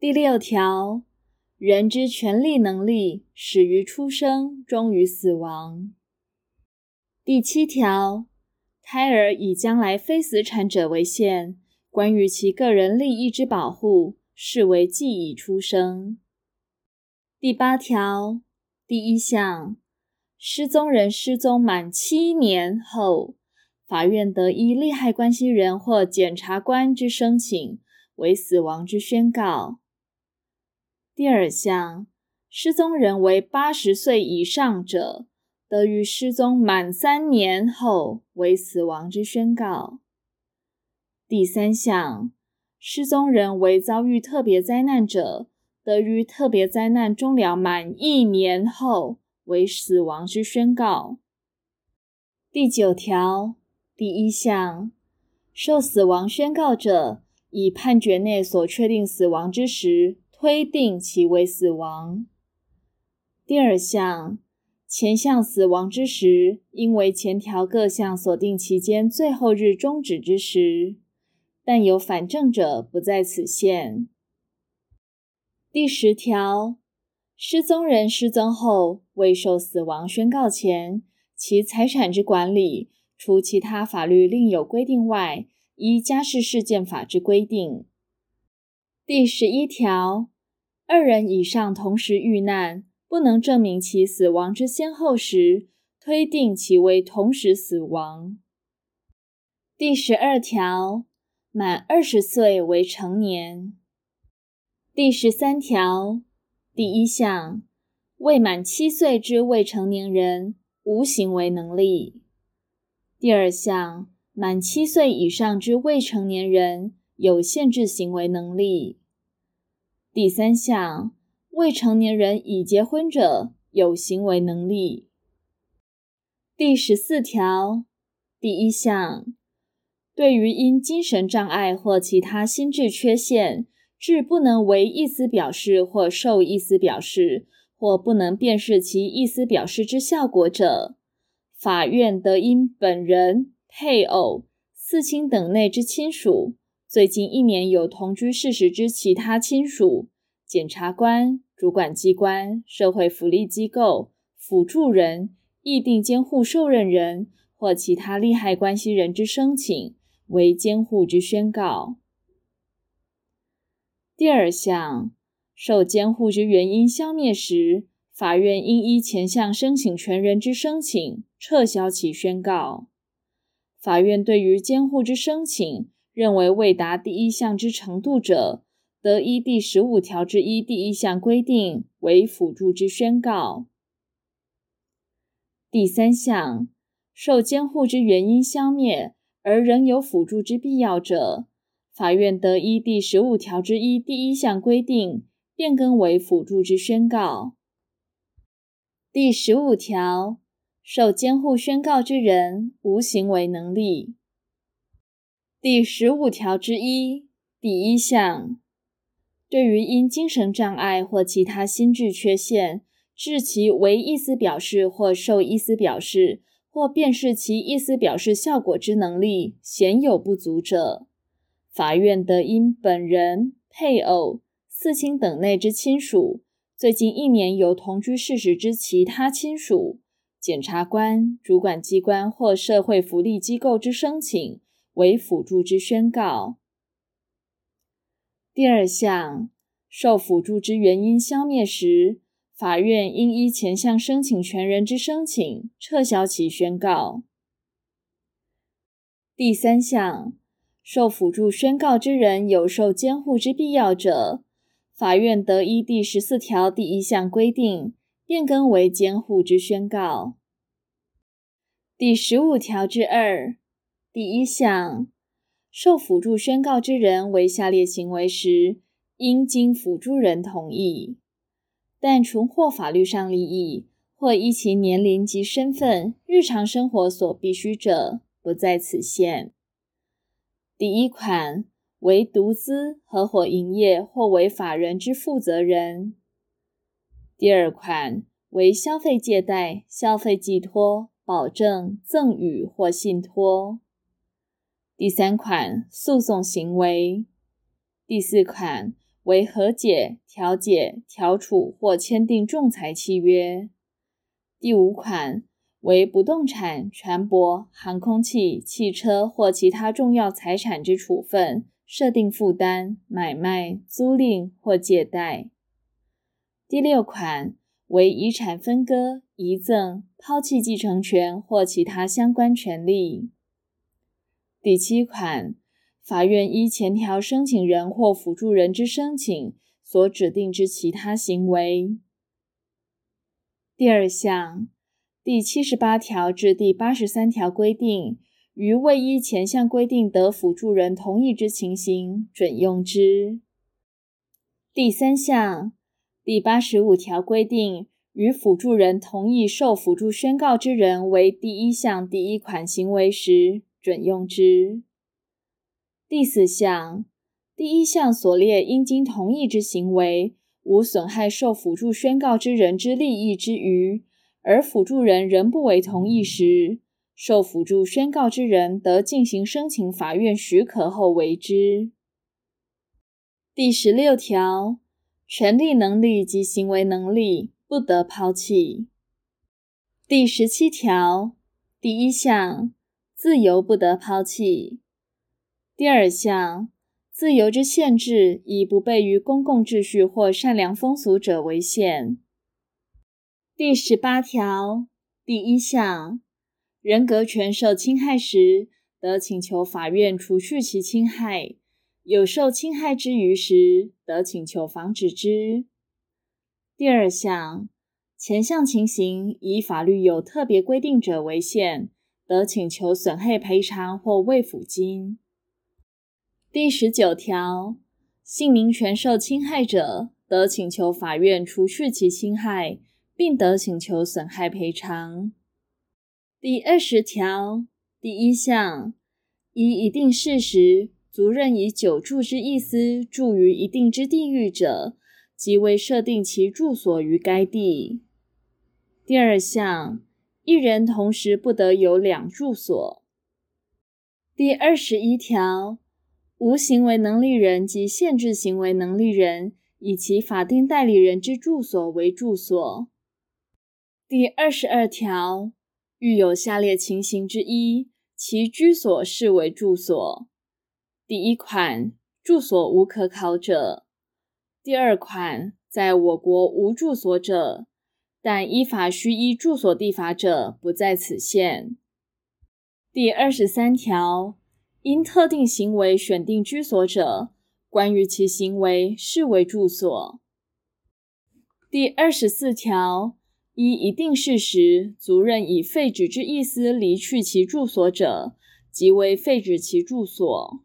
第六條，人之權利能力始於出生，終於死亡。第七條，胎兒以將來非死產者為限，關於其個人利益之保護，視為既已出生。第八條，第一項，失蹤人失蹤滿七年後，法院得以利害關係人或檢察官之聲請，為死亡之宣告。第二項，失蹤人為八十歲以上者，得於失蹤滿三年後為死亡之宣告。第三項，失蹤人為遭遇特別災難者，得於特別災難終了滿一年後為死亡之宣告。第九條第一項，受死亡宣告者，以判決內所確定死亡之時，推定其為死亡。第二項，前項死亡之時，應為前條各項所定期間最後日終止之時。但有反證者，不在此限。第十條，失蹤人失蹤後未受死亡宣告前，其財產之管理，除其他法律另有規定外，依家事事件法之規定。第十一條。二人以上同時遇難，不能證明其死亡之先後時，推定其為同時死亡。第十二條，滿二十歲為成年。第十三條，第一項，未滿七歲之未成年人無行為能力；第二項，滿七歲以上之未成年人有限制行為能力。第三項，未成年人已結婚者有行為能力。第十四條，第一項，對於因精神障礙或其他心智缺陷致不能為意思表示或受意思表示，或不能辨識其意思表示之效果者，法院得因本人、配偶、四親等內之親屬，最近一年有同居事實之其他親屬、檢察官、主管機關、社會福利機構、輔助人、意定監護受任人或其他利害關係人之申請，為監護之宣告。第二項，受監護之原因消滅時，法院應依前項申請權人之申請，撤銷其宣告。法院對於監護之申請，認為未達第一項之程度者，得依第十五條之一第一項規定為輔助之宣告。第三項，受監護之原因消滅，而仍有輔助之必要者，法院得依第十五條之一第一項規定變更為輔助之宣告。第十五條，受監護宣告之人無行為能力。第十五條之一第一項，對於因精神障礙或其他心智缺陷，致其為意思表示或受意思表示，或辨識其意思表示效果之能力，顯有不足者，法院得因本人、配偶、四親等內之親屬，最近一年有同居事實之其他親屬、檢察官、主管機關或社會福利機構之聲請。為輔助之宣告。第二項，受輔助之原因消滅時，法院應依前項申請權人之申請，撤銷其宣告。第三項，受輔助宣告之人有受監護之必要者，法院得依第十四條第一項規定變更為監護之宣告。第十五條之二。第一項，受輔助宣告之人為下列行為時，應經輔助人同意，但純獲法律上利益或依其年齡及身份、日常生活所必須者，不在此限。第一款為獨資、合夥營業或為法人之負責人。第二款為消費借貸、消費寄託、保證、贈與或信託。第三款，訴訟行為；第四款為和解、調解、調處或簽訂仲裁契約；第五款為不動產、船舶、航空器、汽車或其他重要財產之處分、設定負擔、買賣、租賃或借貸；第六款為遺產分割、遺贈、拋棄繼承權或其他相關權利。第七款，法院依前條申請人或輔助人之申請所指定之其他行為。第二項，第七十八條至第八十三條規定，於未依前項規定得輔助人同意之情形準用之。第三項，第八十五條規定，於輔助人同意受輔助宣告之人為第一項第一款行為時。準用之。第四項，第一項所列應經同意之行為，無損害受輔助宣告之人之利益之虞，而輔助人仍不為同意時，受輔助宣告之人得逕行聲請法院許可後為之。第十六條，權利能力及行為能力不得拋棄。第十七條，第一項。自由不得拋棄。第二項，自由之限制以不背於公共秩序或善良風俗者為限。第十八條第一項，人格權受侵害時，得請求法院除去其侵害；有受侵害之虞時，得請求防止之。第二項，前項情形以法律有特別規定者為限。得請求損害賠償或慰撫金。第十九條，姓名權受侵害者，得請求法院除去其侵害，並得請求損害賠償。第二十條第一項，以一定事實足認以久住之意思住於一定之地域者，即為設定其住所於該地。第二項。一人同時不得有兩住所。第二十一條，無行為能力人及限制行為能力人，以其法定代理人之住所為住所。第二十二條，遇有下列情形之一，其居所視為住所：第一款，住所無可考者；第二款，在我國無住所者。但依法須依住所地法者，不在此限。第二十三條，因特定行為選定居所者，關於其行為視為住所。第二十四條，依一定事實，足認以廢止之意思離去其住所者，即為廢止其住所。